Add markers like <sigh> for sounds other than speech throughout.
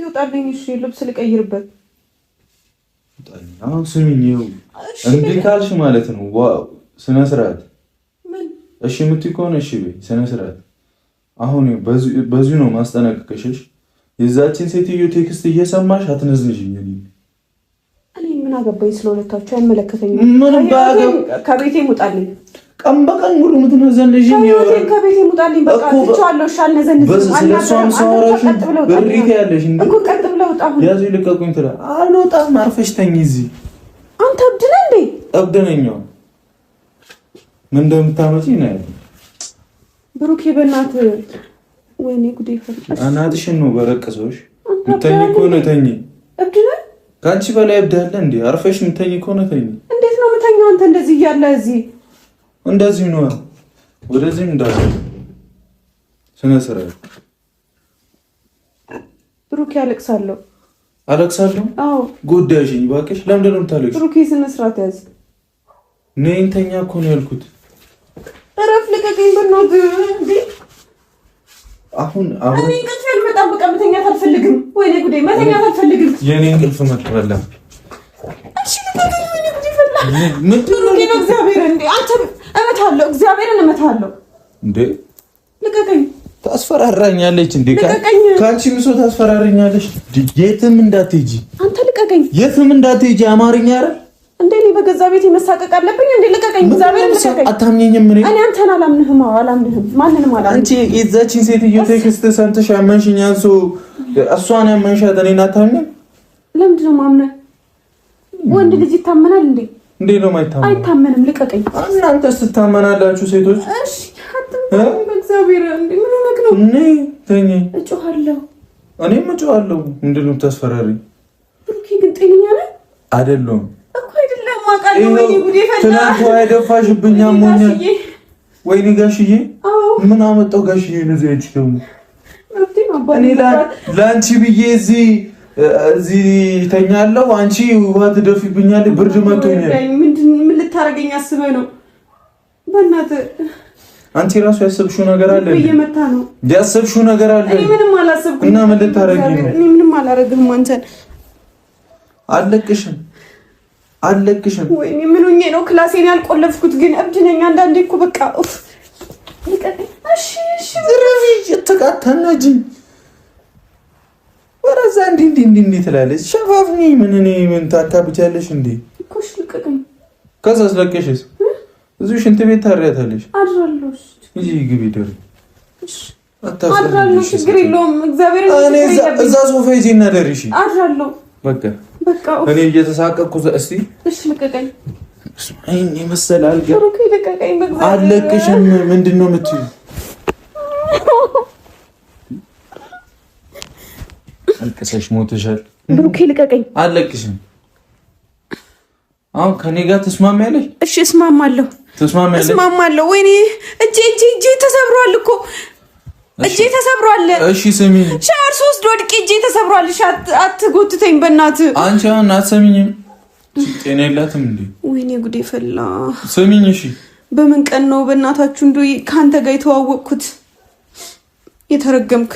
ይውጣልኝ። እሺ ልብስ ልቀይርበት። አሁን ስሚኝ፣ እንዴ ካልሽ ማለት ነው ስነ ስርዓት። እሺ የምትይ ከሆነ እሺ በይ፣ ስነ ስርዓት። አሁን በዚሁ ነው ማስጠነቀቅሽሽ። የዛችን ሴትዮ ቴክስት እየሰማሽ አትነዝንሽኝ። እኔ ምን አገባኝ? ስለሁለታችሁ አይመለከተኝም። ምን ባገባ ከቤቴ ውጣልኝ ቀን በቀን ሙሉ ምትነዘን ልጅ ከቤት ሙጣልኝ። በቃ ትቻለሁ። እሺ አልነዘን ስለሷም ሰውራሽ ብሪት ያለሽ እንዴ? እኮ ቀጥ ብለው ወጣ ያዙ ይልቀቁኝ ትላለህ። አልወጣም አርፈሽ ተኝ እዚህ። አንተ እብድ ነህ እንዴ? እብድ ነኝ። ምን እንደምታመጪ ነው ያለ ብሩኬ። በእናትህ ወይኔ ጉዴ! ፈርጥ። አናትሽን ነው በረቀሰውሽ። ምተኝ ከሆነ ተኝ። እብድ ነህ። ከአንቺ በላይ እብድ አለ እንዴ? አርፈሽ ምተኝ ከሆነ ተኝ። እንዴት ነው ምተኛው አንተ እንደዚህ እያለ እዚህ እንደዚህ ነው። ወደዚህ እንዳለ ስነ ስርዓት ብሩኬ። አለቅሳለሁ አለቅሳለሁ። አዎ ጎዳሽኝ፣ እባክሽ። ለምንድን ነው የምታለቅሽ? ብሩኬ ስነ ስርዓት ያዝ። ነይ እንተኛ እኮ ነው ያልኩት። እረፍ፣ ልቀቀኝ በእናትህ። አሁን አሁን እኔ እንቅልፍ አልመጣም። በቃ መተኛት አልፈልግም። ወይኔ ጉዴ፣ መተኛት አልፈልግም። የኔ እንቅልፍ መጥረለም። እሺ ምንድን ነው እግዚአብሔር እንዴ! አንተ እመታለሁ፣ እግዚአብሔርን እመታለሁ። እንዴ ልቀቀኝ! ታስፈራራኛለች እንዴ! ከአንቺ ብሶ ታስፈራራኛለች። የትም እንዳትሄጂ አንተ ልቀቀኝ፣ የትም እንዳትሄጂ። አማርኛ አይደል እንዴ! እኔ በገዛ ቤት መሳቀቅ አለብኝ እንዴ? ልቀቀኝ፣ እግዚአብሔርን ልቀቀኝ። አታምኘኝም? እኔ እኔ አንተን አላምንህም፣ አላምንህም፣ ማንንም አላምንህም። አንቺ የዛችን ሴትዮ ቴክስት ሰምተሽ አመንሽኝ። አንሱ እሷን ያመንሻት እኔን አታምኘኝ። ለምንድን ነው ማምነህ? ወንድ ልጅ ይታመናል እንዴ? እንዴ ነው ማይታመን? አይታመንም። ልቀቀኝ። እናንተ ስታመናላችሁ ሴቶች። እሺ በእግዚአብሔር እንዴ ምን ሆነክ ነው? እኔ ተኝ እጮሃለሁ። እኔም እጮሃለሁ። እንዴ ነው ተስፈራሪ? ብሩኬ ግን ጤነኛ ነህ? አይደለም እኮ አይደለም። ማቃለሁ ወይኔ ጉዴ ፈላ። ትናንት ወይ ደፋሽብኝ አሞኛል። ወይኔ ጋሽዬ፣ ምን አመጣው ጋሽዬ ነው ዘይት ደግሞ እኔ ላንቺ ብዬ እዚህ እዚህ ተኛለሁ፣ አንቺ ውሃ ትደፊብኛለሽ፣ ብርድ መቶኛል። ምን ልታደርገኝ አስበህ ነው? በእናትህ አንቺ ራሱ ያሰብሽው ነገር አለ፣ እየመታ ነው ያሰብሽው ነገር አለ። እኔ ምንም አላሰብኩም። እና ምን ልታደርጊኝ ነው? እኔ ምንም አላደርግም። አንተን አለቅሽም አለቅሽም። ወይኔ ምን ሆኜ ነው ክላሴን ያልቆለፍኩት? ግን እብድ ነኝ አንዳንዴ እኮ በቃ እሺ፣ እሺ፣ ዝረፊ ተቃተናጂ ወረዛ እንዲ እንዲ እንዲ እንዲህ ትላለች። ሸፋፍኝ ምን እኔ ምን ታካብቻለሽ እንዴ? እኮሽ ከዛ አስለቀሽስ እዚሁ ሽንት ቤት ታሪያታለሽ። አድራለሽ እንጂ ግቢ ደር እዛ ሶፋ ይዤ በቃ በቃ እኔ እየተሳቀኩ እስቲ እሺ ልቀቀኝ። የመሰለ አልጋ አለቅሽም። ምንድን ነው የምትይው? <laughs> አልቅሰሽ ሞትሻል። ብሩኬ ልቀቀኝ። አለቅሽም። አሁን ከኔ ጋር ተስማሚ ያለሽ? እሺ እስማማለሁ፣ እስማማለሁ። ወይኔ እጄ እጄ እጄ ተሰብሯል እኮ እጄ ተሰብሯል። እሺ ስሚ፣ ሻር ሶስት ወድቄ እጄ ተሰብሯል። አትጎትተኝ በእናት አንቺ አሁን አትሰሚኝም። ጤና የላትም እንዴ? ወይኔ ጉዴ ፈላ። ስሚኝ፣ እሺ በምን ቀን ነው በእናታችሁ እንዶ ከአንተ ጋር የተዋወቅኩት? የተረገምክ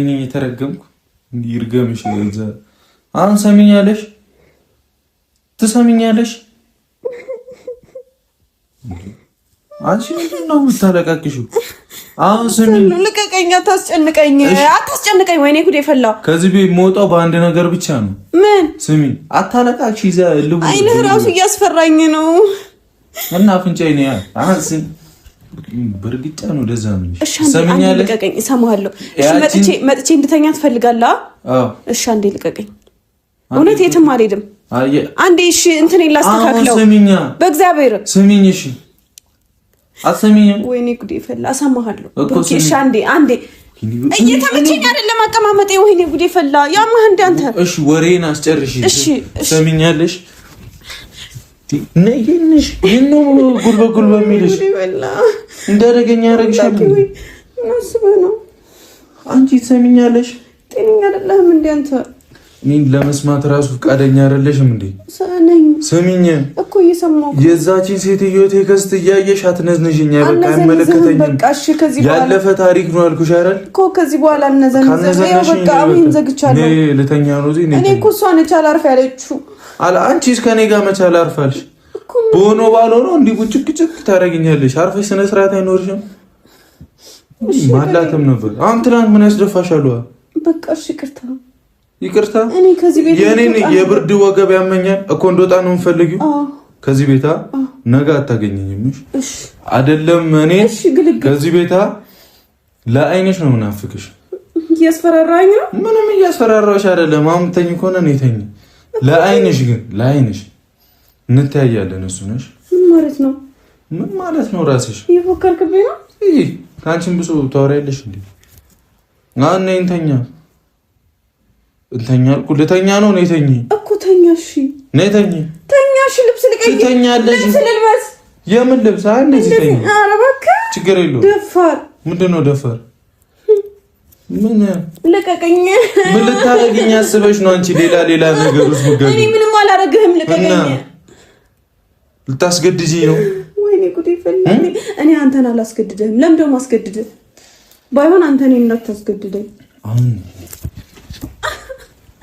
እኔ የተረገምኩ ይርገምሽ። አሁን ሰሚኛለሽ? ትሰሚኛለሽ? አንቺ ምንድን ነው የምታለቃቅሽው? አሁን ስሚ፣ ልቀቀኝ፣ አታስጨንቀኝ፣ አታስጨንቀኝ። ወይኔ ጉድ የፈላው። ከዚህ ቤት የምወጣው በአንድ ነገር ብቻ ነው። ምን? ስሚ፣ አታለቃቅሽ። ይዛ ልቡ አይንህ ራሱ እያስፈራኝ ነው እና አፍንጫዬ ነው ያ በእርግጫ ነው። ለዛ ነው ልቀቀኝ። እሰማሃለሁ። መጥቼ እንድተኛ ትፈልጋለህ? እሺ፣ አንዴ ልቀቀኝ። እውነት የትም አልሄድም። አንዴ እሺ፣ እንትን ላስተካክለው። በእግዚአብሔር ስሚኝ። እሺ፣ አትሰሚኝም? ወይኔ ጉዴ ፈላ። እሰማሃለሁ። እሺ፣ አንዴ አንዴ እየተመቸኝ አይደለም አቀማመጤ። ወይኔ ጉዴ ፈላ። ያማህ እንደ አንተ። እሺ፣ ወሬን አስጨርሽ። እሺ፣ ሰሚኛለሽ ነይንሽ ይህን ነው ጉልበት ጉልበት የሚልሽ እንዳደረገኝ ያደረግሻል። ምን አስበህ ነው አንቺ ትሰሚኛለሽ? ጤነኛ አይደለህም እንደ አንተ እኔን ለመስማት ራሱ ፈቃደኛ አይደለሽም እንዴ? ስሚኝ እኮ እየሰማሁ የዛችን ሴትዮ ቴክስት እያየሽ አትነዝንሽኛ። በቃ አይመለከተኝም። ያለፈ ታሪክ ነው አልኩሽ አይደል እኮ። ከዚህ በኋላ ልተኛ ነው። እኔ እኮ እሷ ነች አላርፍ ያለችው። አንቺስ ከኔ ጋር መቼ አላርፋልሽ? በሆነ ባልሆነ እንዲህ ቡጭቅጭቅ ታደርጊኛለሽ። አርፈሽ ስነ ስርዓት አይኖርሽም። ማላትም ነበር። አሁን ትናንት ምን ያስደፋሻል? በቃ እሺ፣ ይቅርታ ይቅርታ የኔን የብርድ ወገብ ያመኛል እኮ እንደወጣ ነው የምፈልጊው። ከዚህ ቤታ ነገ አታገኘኝም አይደለም? እኔ ከዚህ ቤታ ለአይነሽ ነው ምናፍቅሽ። እያስፈራራኝ ነው። ምንም እያስፈራራሽ አይደለም። አምተኝ ከሆነ እኔ ተኝ። ለአይነሽ ግን ለአይነሽ እንተያያለን። እሱ ነሽ ማለት ነው። ምን ማለት ነው? ራስሽ እየፎከርክብኝ ነው። ከአንቺን ብሶ ታወሪያለሽ እንዴ? አነ ይንተኛ እንተኛ እኮ ልተኛ ነው። ነይ ተኝ እኮ ተኛ። እሺ ነይ ተኝ ተኛ። እሺ ልብስ ልቀይር። ትተኛለሽ። ልብስ ልልበስ። የምን ልብስ? አይ እንደዚህ ተኝ። ኧረ እባክህ ችግር የለውም። ደፋር ምንድን ነው ደፋር? ምን ልቀቀኝ። ምን ልታደርጊኝ አስበሽ ነው አንቺ? ሌላ ሌላ ነገር ውስጥ ምገብ እኔ ምንም አላረግህም። ልቀቀኝ። ልታስገድጂኝ ነው? ወይኔ ጉዴ ፈለኝ። እኔ አንተን አላስገድድህም። ለምን ደግሞ አስገድደህ? ባይሆን አንተ እኔን እንዳታስገድደኝ።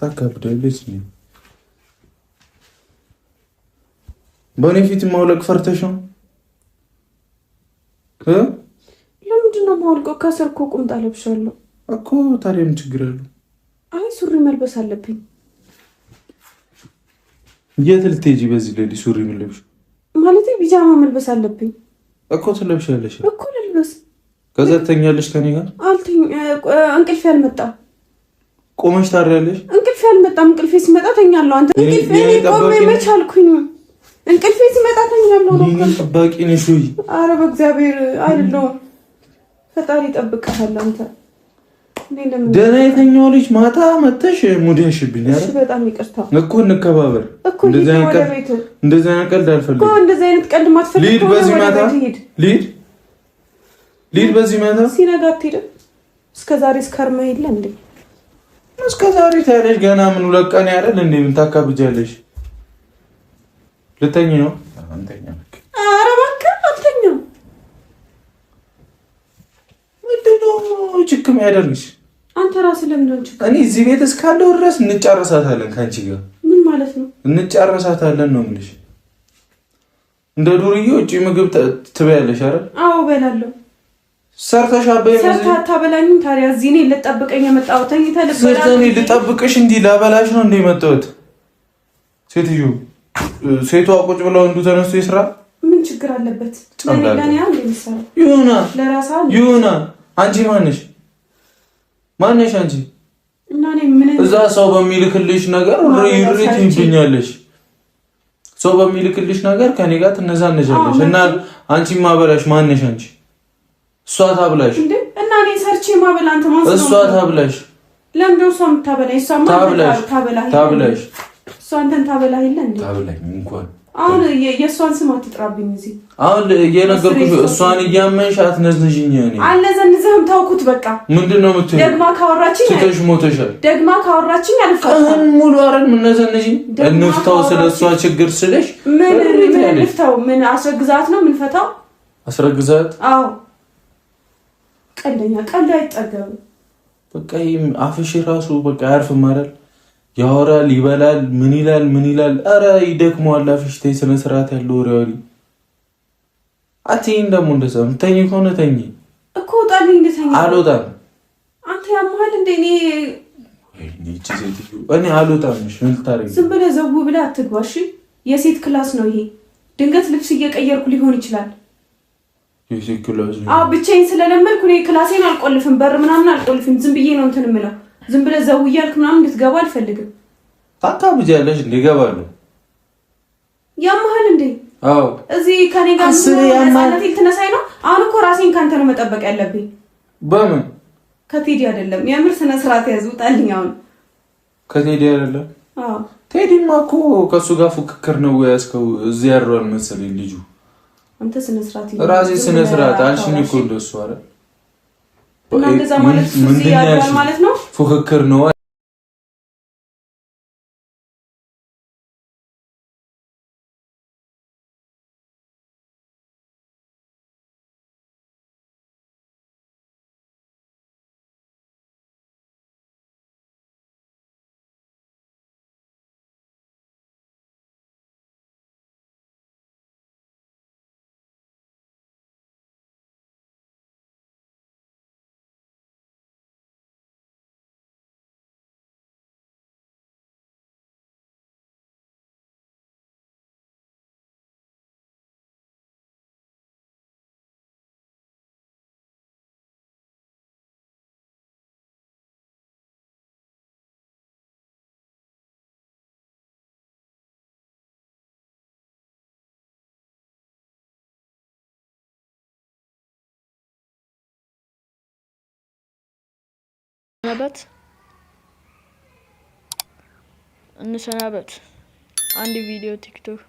ታካብዳለች። በእኔ ፊት ማውለቅ ፈርተሽ ነው? ለምንድን ነው የማወልቀው? ከስር እኮ ቁምጣ ለብሻለሁ እኮ። ታዲያ ምን ችግር አለው? አይ ሱሪ መልበስ አለብኝ። የት ልትሄጂ? በዚህ ሌሊት ሱሪ ምን ለብሽ? ማለት ቢጃማ መልበስ አለብኝ እኮ። ትለብሻለሽ እኮ። ልልበስ። ከዛ ትተኛለሽ ከኔ ጋር? አልተኝ እንቅልፍ ያልመጣ ቆመሽ ታድሪያለሽ። እንቅልፌ አልመጣም። እንቅልፌ ሲመጣ ተኛለሁ። አንተ እንቅልፌ እኔ ቆሜ መች አልኩኝ። እንቅልፌ ሲመጣ ተኛለሁ ነው። ጠባቂ ነሽ ወይ? ኧረ በእግዚአብሔር አይደለሁም። ፈጣሪ ይጠብቅሃል አንተ። ደህና የተኛው ልጅ ማታ መተሽ ሙድ ያሽብኝ። እሺ በጣም ይቅርታ እኮ እንከባበር። እንደዚህ አይነት ቀልድ እንደዚህ አይነት ቀልድ አልፈልግም አይነት ቀልድ ማትፈልግ ልሂድ በዚህ ማታ ሊድ ልሂድ በዚህ ማታ ሲነጋ አትሄድም። እስከ ዛሬ እስከ አርማ የለ እንዴ እስከ ዛሬ ታያለሽ። ገና ምን ሁለት ቀን ያደል እንዴ? ምን ታካብጃለሽ? ልተኝ ነው? ኧረ እባክህ አልተኛም። ምንድን ነው ችክ የሚያደርግሽ? አንተ ራስህ ለምን ነው ችክም? እኔ እዚህ ቤት እስካለሁ ድረስ እንጫረሳታለን። ከአንቺ ጋር ምን ማለት ነው? እንጫረሳታለን ነው የምልሽ። እንደ ዱርዬ ውጪ ምግብ ትበያለሽ አይደል? አዎ እበላለሁ። ሰርተሽ አበይ ሰርታ አታበላኝም። ታዲያ እዚህ እኔ ልጠብቀኝ ልጠብቅሽ እንዲህ ላበላሽ ነው እንደ ሴትዮ ሴቷ ቁጭ ብለው ተነስቶ ይስራ። ምን ችግር አለበት? ይሁና። አንቺ ማነሽ? ማነሽ አንቺ? እዛ ሰው በሚልክልሽ ነገር ሬት ይብኛለሽ። ሰው በሚልክልሽ ነገር ከኔ ጋር እና አንቺ ማበላሽ ማነሽ አንቺ? እሷ ታብላሽ እና እኔ ሰርቼ ማበላ አንተ ማን እሷ ታብላሽ። እሷ እሷ ታብላሽ ታብላሽ። እሷ አንተን ታበላ የለ እንዴ? ታብላኝ እንኳን አሁን የእሷን ስም አትጥራብኝ። እዚህ አሁን እየነገርኩሽ እሷን እያመንሽ እኔ አልነዘንዝህም፣ ተውኩት በቃ። ምንድን ነው የምትይው? ደግማ ካወራችኝ ትተሽ ሞተሻል። ደግማ ካወራችኝ አልፋቀን ሙሉ አረን እንፍታው ስለ እሷ ችግር ምን ምን እንፍታው? ምን አስረግዛት ነው አስረግዛት አዎ ቀልደኛ ቀልድ አይጠገብም። በቃ ይህም አፍሽ ራሱ በቃ አያርፍም አይደል? ያወራል፣ ይበላል፣ ምን ይላል ምን ይላል። ኧረ ይደክመዋል አፍሽ። ተይ ስነ ስርዓት ያለው ወሬ አትይኝ ደግሞ እንደዛ ምተኝ ከሆነ ተኝ እኮ ጣል እንደተኛ አልወጣም። አንተ ያመሃል እንደ እኔ እኔ አልወጣም። ዝም ብለህ ዘው ብለህ አትግባ። እሺ የሴት ክላስ ነው ይሄ። ድንገት ልብስ እየቀየርኩ ሊሆን ይችላል ብቻዬን ስለለመድኩ እኔ ክላሴን አልቆልፍም፣ በር ምናምን አልቆልፍም። ዝም ብዬ ነው እንትን የምለው። ዝም ብለህ ዘው እያልክ ምናምን እንድትገባ አልፈልግም። ታካብጃለሽ እንደ ይገባሉ። እንዴ? አዎ፣ እዚህ ከኔ ጋር ነፃነቴን ትነሳኝ ነው። አሁን እኮ ራሴን ከአንተ ነው መጠበቅ ያለብኝ። በምን ከቴዲ አይደለም። የምር ስነ ስርዓት ያዝ፣ ውጣልኝ። አሁን ከቴዲ አይደለም። ቴዲማ እኮ ከእሱ ጋር ፉክክር ነው ያዝከው። እዚህ ያድሯል መሰለኝ ልጁ አንተ ስነ ስርዓት ራሴ ስነ ስርዓት አልሽኝ እኮ እንደሱ። ኧረ ነው ፉክክር ነው። እንሰናበት እንሰናበት። አንድ ቪዲዮ ቲክቶክ